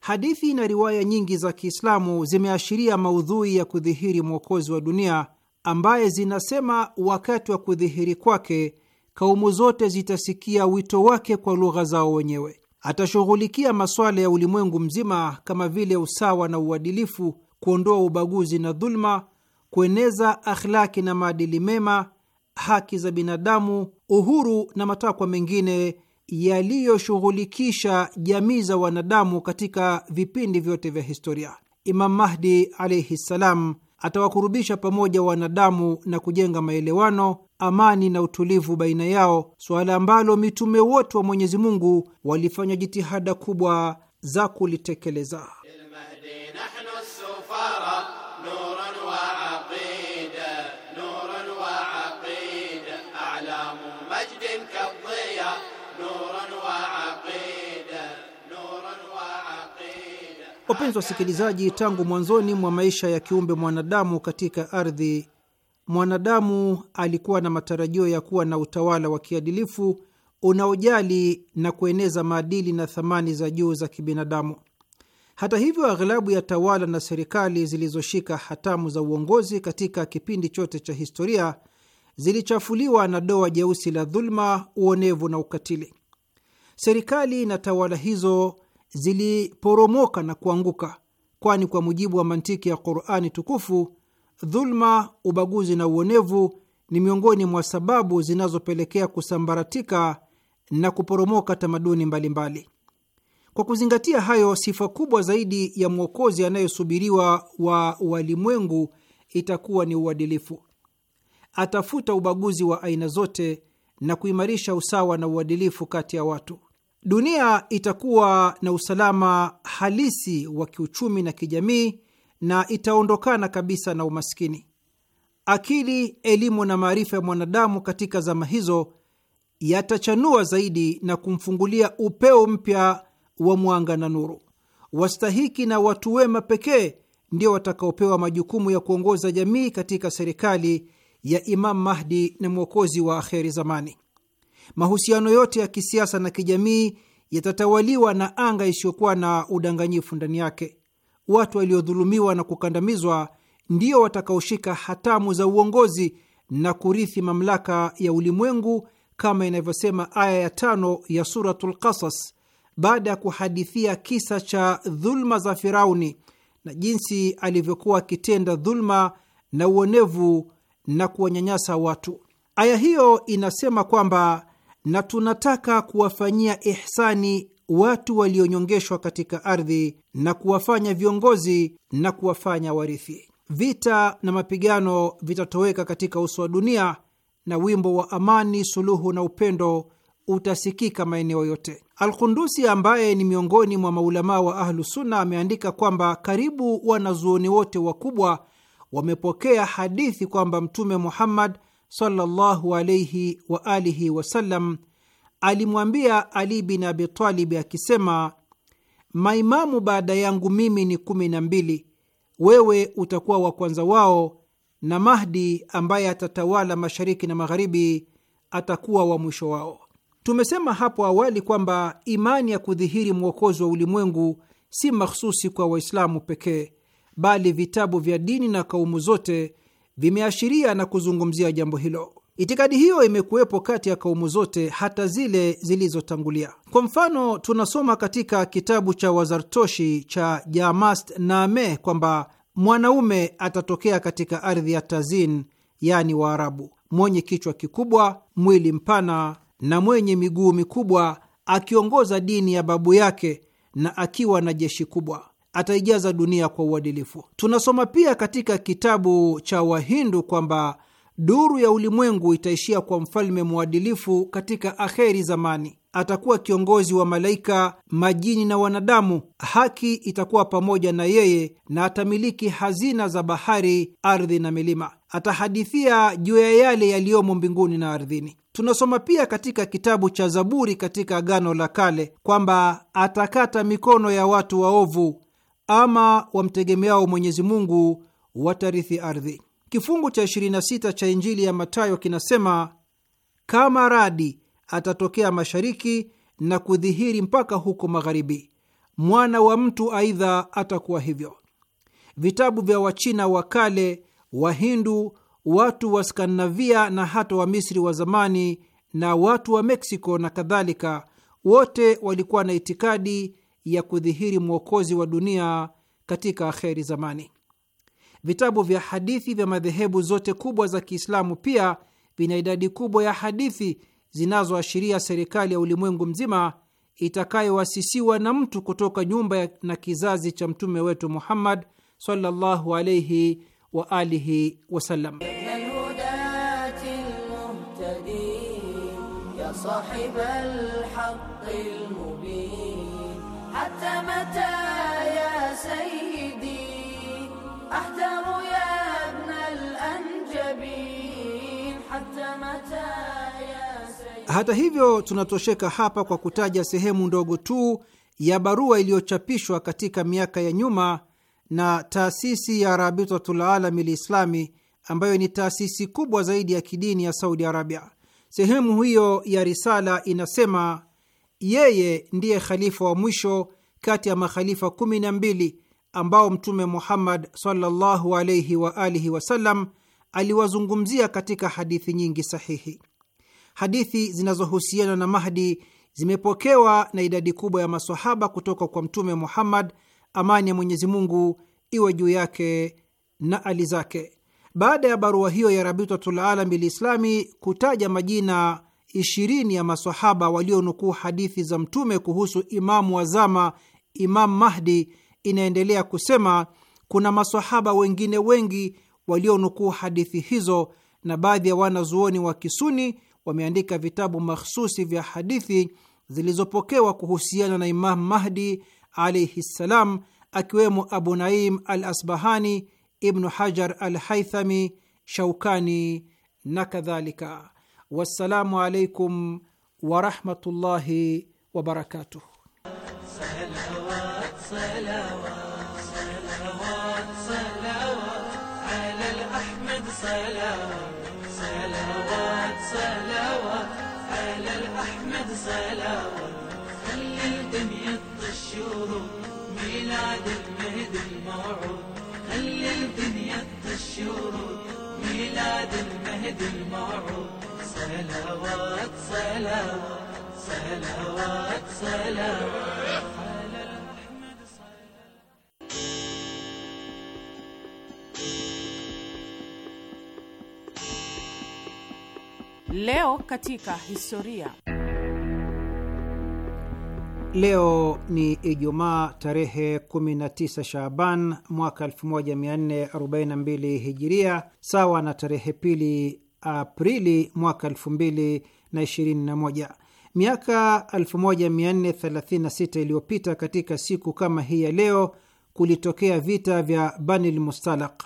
Hadithi na riwaya nyingi za Kiislamu zimeashiria maudhui ya kudhihiri mwokozi wa dunia ambaye zinasema wakati wa kudhihiri kwake kaumu zote zitasikia wito wake kwa lugha zao wenyewe atashughulikia masuala ya ulimwengu mzima kama vile usawa na uadilifu, kuondoa ubaguzi na dhuluma, kueneza akhlaki na maadili mema, haki za binadamu, uhuru na matakwa mengine yaliyoshughulikisha jamii za wanadamu katika vipindi vyote vya historia. Imam Mahdi alaihi ssalam atawakurubisha pamoja wanadamu na kujenga maelewano, amani na utulivu baina yao, suala ambalo mitume wote wa Mwenyezi Mungu walifanya jitihada kubwa za kulitekeleza. Wapenzi wasikilizaji, tangu mwanzoni mwa maisha ya kiumbe mwanadamu katika ardhi mwanadamu alikuwa na matarajio ya kuwa na utawala wa kiadilifu unaojali na kueneza maadili na thamani za juu za kibinadamu. Hata hivyo, aghlabu ya tawala na serikali zilizoshika hatamu za uongozi katika kipindi chote cha historia zilichafuliwa na doa jeusi la dhuluma, uonevu na ukatili. Serikali na tawala hizo ziliporomoka na kuanguka, kwani kwa mujibu wa mantiki ya Qur'ani tukufu dhuluma, ubaguzi na uonevu ni miongoni mwa sababu zinazopelekea kusambaratika na kuporomoka tamaduni mbalimbali mbali. Kwa kuzingatia hayo, sifa kubwa zaidi ya mwokozi anayesubiriwa wa walimwengu itakuwa ni uadilifu. Atafuta ubaguzi wa aina zote na kuimarisha usawa na uadilifu kati ya watu. Dunia itakuwa na usalama halisi wa kiuchumi na kijamii na itaondokana kabisa na umaskini. Akili, elimu na maarifa ya mwanadamu katika zama hizo yatachanua zaidi na kumfungulia upeo mpya wa mwanga na nuru. Wastahiki na watu wema pekee ndio watakaopewa majukumu ya kuongoza jamii katika serikali ya Imam Mahdi na mwokozi wa akheri zamani. Mahusiano yote ya kisiasa na kijamii yatatawaliwa na anga isiyokuwa na udanganyifu ndani yake watu waliodhulumiwa na kukandamizwa ndio watakaoshika hatamu za uongozi na kurithi mamlaka ya ulimwengu kama inavyosema aya ya tano ya Suratul Qasas, baada ya kuhadithia kisa cha dhulma za Firauni na jinsi alivyokuwa akitenda dhulma na uonevu na kuwanyanyasa watu. Aya hiyo inasema kwamba, na tunataka kuwafanyia ihsani watu walionyongeshwa katika ardhi na kuwafanya viongozi na kuwafanya warithi. Vita na mapigano vitatoweka katika uso wa dunia na wimbo wa amani, suluhu na upendo utasikika maeneo yote. Alkundusi ambaye ni miongoni mwa maulamaa wa Ahlusunna ameandika kwamba karibu wanazuoni wote wakubwa wamepokea hadithi kwamba Mtume Muhammad sallallahu alaihi wa alihi wasallam alimwambia Ali bin Abi Talib akisema, maimamu baada yangu mimi ni kumi na mbili, wewe utakuwa wa kwanza wao, na Mahdi ambaye atatawala mashariki na magharibi atakuwa wa mwisho wao. Tumesema hapo awali kwamba imani ya kudhihiri mwokozi wa ulimwengu si mahsusi kwa Waislamu pekee, bali vitabu vya dini na kaumu zote vimeashiria na kuzungumzia jambo hilo. Itikadi hiyo imekuwepo kati ya kaumu zote, hata zile zilizotangulia. Kwa mfano, tunasoma katika kitabu cha Wazartoshi cha Jamast name kwamba mwanaume atatokea katika ardhi ya Tazin, yaani Waarabu, mwenye kichwa kikubwa, mwili mpana na mwenye miguu mikubwa, akiongoza dini ya babu yake na akiwa na jeshi kubwa ataijaza dunia kwa uadilifu. Tunasoma pia katika kitabu cha Wahindu kwamba Duru ya ulimwengu itaishia kwa mfalme mwadilifu katika akheri zamani. Atakuwa kiongozi wa malaika, majini na wanadamu. Haki itakuwa pamoja na yeye na atamiliki hazina za bahari, ardhi na milima. Atahadithia juu ya yale yaliyomo mbinguni na ardhini. Tunasoma pia katika kitabu cha Zaburi katika Agano la Kale kwamba atakata mikono ya watu waovu, ama wamtegemeao Mwenyezi Mungu watarithi ardhi. Kifungu cha 26 cha Injili ya matayo kinasema, kama radi atatokea mashariki na kudhihiri mpaka huko magharibi, mwana wa mtu aidha atakuwa hivyo. Vitabu vya Wachina wa kale, Wahindu, watu wa Skandinavia na hata Wamisri wa zamani na watu wa Meksiko na kadhalika, wote walikuwa na itikadi ya kudhihiri mwokozi wa dunia katika akheri zamani. Vitabu vya hadithi vya madhehebu zote kubwa za Kiislamu pia vina idadi kubwa ya hadithi zinazoashiria serikali ya ulimwengu mzima itakayoasisiwa na mtu kutoka nyumba na kizazi cha mtume wetu Muhammad sallallahu alaihi wa alihi wasallam hata hivyo tunatosheka hapa kwa kutaja sehemu ndogo tu ya barua iliyochapishwa katika miaka ya nyuma na taasisi ya Rabitatul Alami Liislami ambayo ni taasisi kubwa zaidi ya kidini ya Saudi Arabia. Sehemu hiyo ya risala inasema yeye ndiye khalifa wa mwisho kati ya makhalifa kumi na mbili ambao Mtume Muhammad sallallahu wa alihi wasallam aliwazungumzia katika hadithi nyingi sahihi. Hadithi zinazohusiana na Mahdi zimepokewa na idadi kubwa ya masahaba kutoka kwa Mtume Muhammad, amani ya Mwenyezi Mungu iwe juu yake na ali zake. Baada ya barua hiyo ya Rabitatul Alami Lislami kutaja majina ishirini ya masahaba walionukuu hadithi za Mtume kuhusu imamu wa zama, Imam Mahdi, inaendelea kusema kuna masahaba wengine wengi walionukuu hadithi hizo, na baadhi ya wanazuoni wa Kisuni wameandika vitabu mahsusi vya hadithi zilizopokewa kuhusiana na Imamu Mahdi alaihi ssalam, akiwemo Abu Naim al Asbahani, Ibnu Hajar al Haithami, Shaukani na kadhalika. Wassalamu alaikum warahmatullahi wabarakatuh. صلوات صلوات صلوات على الأحمد صلوات صلوات صلوات على الأحمد صلوات خلي الدنيا تطش ورود ميلاد المهدي الموعود خلي الدنيا تطش ورود ميلاد المهدي الموعود صلوات صلوات صلوات صلوات Leo katika historia. Leo ni Ijumaa tarehe 19 Shaaban mwaka 1442 Hijiria, sawa na tarehe pili Aprili mwaka 2021. Miaka 1436 iliyopita katika siku kama hii ya leo kulitokea vita vya Banil Mustalak.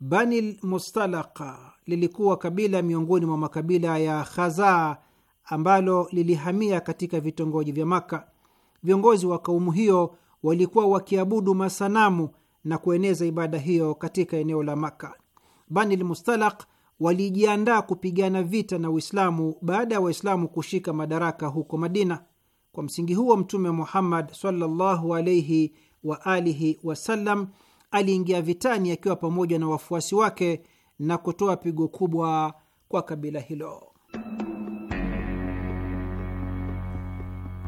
Banil Mustalak lilikuwa kabila miongoni mwa makabila ya Khazaa ambalo lilihamia katika vitongoji vya Maka. Viongozi wa kaumu hiyo walikuwa wakiabudu masanamu na kueneza ibada hiyo katika eneo la Maka. Banil Mustalak walijiandaa kupigana vita na Uislamu baada ya Waislamu kushika madaraka huko Madina. Kwa msingi huo, Mtume Muhammad sallallahu alaihi wa alihi wasallam aliingia vitani akiwa pamoja na wafuasi wake na kutoa pigo kubwa kwa kabila hilo.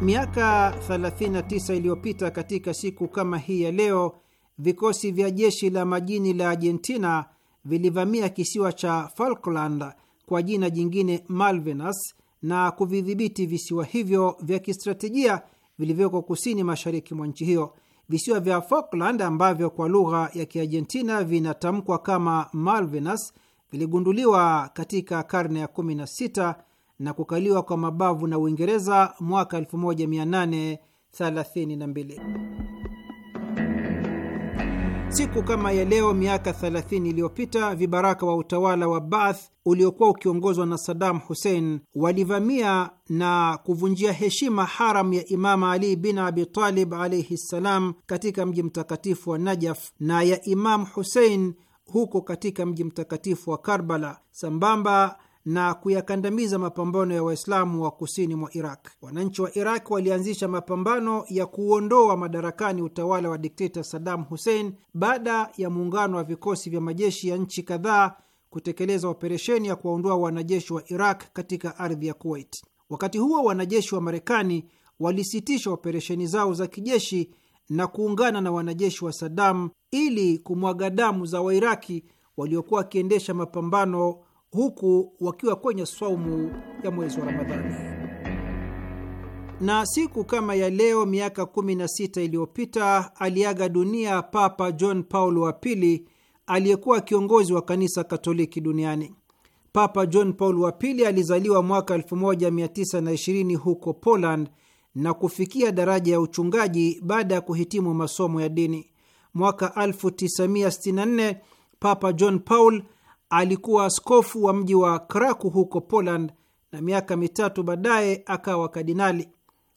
Miaka 39 iliyopita katika siku kama hii ya leo, vikosi vya jeshi la majini la Argentina vilivamia kisiwa cha Falkland kwa jina jingine Malvinas na kuvidhibiti visiwa hivyo vya kistratejia vilivyoko kusini mashariki mwa nchi hiyo. Visiwa vya Falkland ambavyo kwa lugha ya Kiargentina vinatamkwa kama Malvinas viligunduliwa katika karne ya 16 na kukaliwa kwa mabavu na Uingereza mwaka 1832. Siku kama ya leo miaka 30 iliyopita vibaraka wa utawala wa Baath uliokuwa ukiongozwa na Saddam Hussein walivamia na kuvunjia heshima haram ya Imam Ali bin Abi Talib alaihi ssalam katika mji mtakatifu wa Najaf na ya Imamu Hussein huko katika mji mtakatifu wa Karbala sambamba na kuyakandamiza mapambano ya Waislamu wa kusini mwa Iraq. Wananchi wa Iraq walianzisha mapambano ya kuondoa madarakani utawala wa dikteta Saddam Hussein baada ya muungano wa vikosi vya majeshi ya nchi kadhaa kutekeleza operesheni ya kuwaondoa wanajeshi wa Iraq katika ardhi ya Kuwait. Wakati huo wanajeshi wa Marekani walisitisha operesheni zao za kijeshi na kuungana na wanajeshi wa Saddam ili kumwaga damu za Wairaki waliokuwa wakiendesha mapambano huku wakiwa kwenye saumu ya mwezi wa Ramadhani. Na siku kama ya leo miaka 16 iliyopita aliaga dunia Papa John Paulo wa pili aliyekuwa kiongozi wa kanisa Katoliki duniani. Papa John Paul wa pili alizaliwa mwaka 1920 huko Poland na kufikia daraja ya uchungaji baada ya kuhitimu masomo ya dini. Mwaka 1964 Papa John Paul alikuwa askofu wa mji wa Kraku huko Poland na miaka mitatu baadaye akawa kardinali.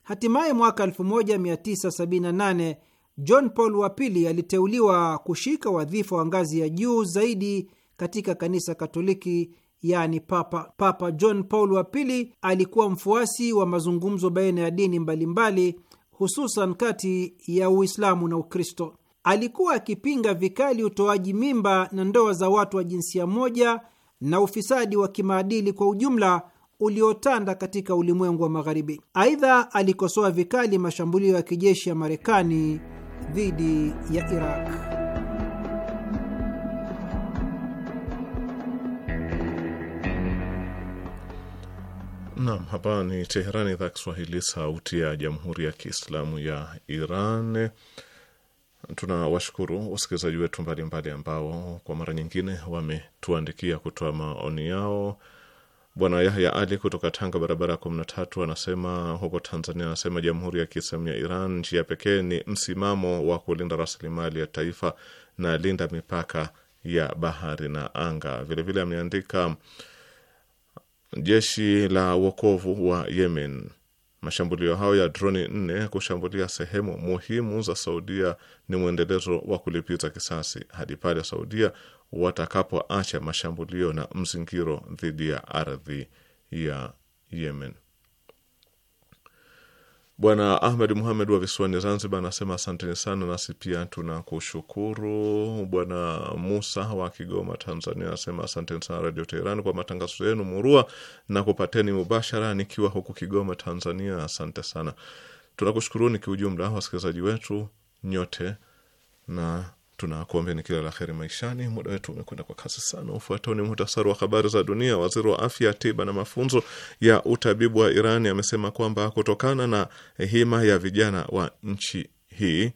Hatimaye mwaka 1978 John Paul wa pili aliteuliwa kushika wadhifa wa ngazi ya juu zaidi katika kanisa Katoliki, yaani papa. Papa John Paul wa pili alikuwa mfuasi wa mazungumzo baina ya dini mbalimbali, hususan kati ya Uislamu na Ukristo alikuwa akipinga vikali utoaji mimba na ndoa za watu wa jinsia moja na ufisadi wa kimaadili kwa ujumla uliotanda katika ulimwengu wa Magharibi. Aidha, alikosoa vikali mashambulio ya kijeshi ya Marekani dhidi ya Iraq. Nam, hapa ni Teherani, idhaa Kiswahili, sauti ya jamhuri ya kiislamu ya Iran. Tunawashukuru wasikilizaji wetu mbalimbali ambao kwa mara nyingine wametuandikia kutoa maoni yao. Bwana Yahya Ali kutoka Tanga, barabara ya kumi na tatu, anasema huko Tanzania, anasema Jamhuri ya Kiislamu ya Iran, njia pekee ni msimamo wa kulinda rasilimali ya taifa na linda mipaka ya bahari na anga. Vilevile ameandika jeshi la uokovu wa Yemen Mashambulio hayo ya droni nne kushambulia sehemu muhimu za Saudia ni mwendelezo wa kulipiza kisasi hadi pale Saudia watakapoacha mashambulio na mzingiro dhidi ya ardhi ya Yemen. Bwana Ahmed Muhamed wa visiwani Zanzibar anasema asanteni sana, nasi pia tunakushukuru. Bwana Musa wa Kigoma, Tanzania anasema asanteni sana Radio Teheran kwa matangazo yenu murua na kupateni mubashara nikiwa huku Kigoma, Tanzania. Asante sana, tunakushukuruni kiujumla wasikilizaji wetu nyote na Tunakuombeni kila la heri maishani. Muda wetu umekwenda kwa kasi sana. Ufuatao ni muhtasari wa habari za dunia. Waziri wa afya, tiba na mafunzo ya utabibu wa Iran amesema kwamba kutokana na hima ya vijana wa nchi hii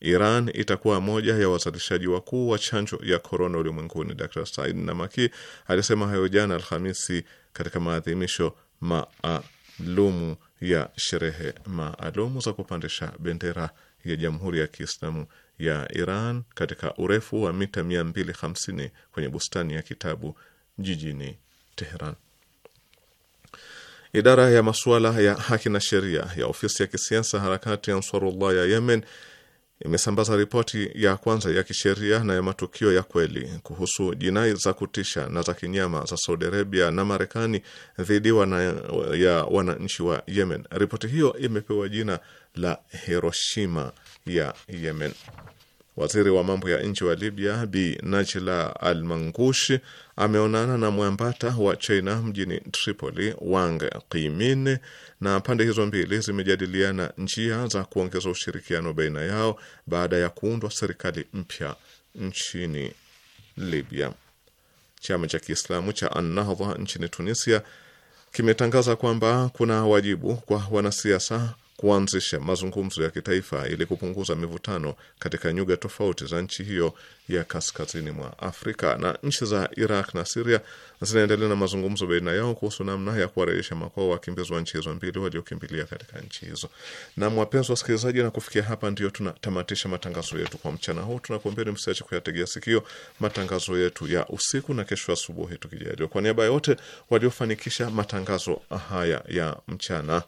Iran itakuwa moja ya wazalishaji wakuu wa chanjo ya korona ulimwenguni. Dr Said Namaki alisema hayo jana Alhamisi katika maadhimisho maalumu ya sherehe maalumu za kupandisha bendera ya Jamhuri ya Kiislamu ya Iran katika urefu wa mita 250 kwenye bustani ya kitabu jijini Teheran. Idara ya masuala ya haki na sheria ya ofisi ya kisiasa harakati ya Ansarullah ya Yemen imesambaza ripoti ya kwanza ya kisheria na ya matukio ya kweli kuhusu jinai za kutisha na za kinyama za Saudi Arabia na Marekani dhidi wana, ya wananchi wa Yemen. Ripoti hiyo imepewa jina la Hiroshima ya Yemen. Waziri wa mambo ya nje wa Libya Bi Najla Al Mangush ameonana na mwambata wa China mjini Tripoli Wang Qimin, na pande hizo mbili zimejadiliana njia za kuongeza ushirikiano baina yao baada ya kuundwa serikali mpya nchini Libya. Chama cha Kiislamu cha Annahdha nchini Tunisia kimetangaza kwamba kuna wajibu kwa wanasiasa kuanzisha mazungumzo ya kitaifa ili kupunguza mivutano katika nyuga tofauti za nchi hiyo ya kaskazini mwa Afrika. Na nchi za Iraq na Siria zinaendelea na mazungumzo baina yao kuhusu namna ya kuwarejesha makwao wakimbizi wa nchi hizo mbili waliokimbilia katika nchi hizo. Na wapenzi wasikilizaji, na kufikia hapa ndio tunatamatisha matangazo yetu kwa mchana huu. Tunakuambia ni msiache kuyategea sikio matangazo yetu ya usiku na kesho asubuhi tukijaliwa. Kwa niaba ya wote waliofanikisha matangazo haya ya mchana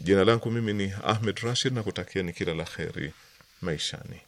Jina langu mimi ni Ahmed Rashid na kutakieni kila la kheri maishani.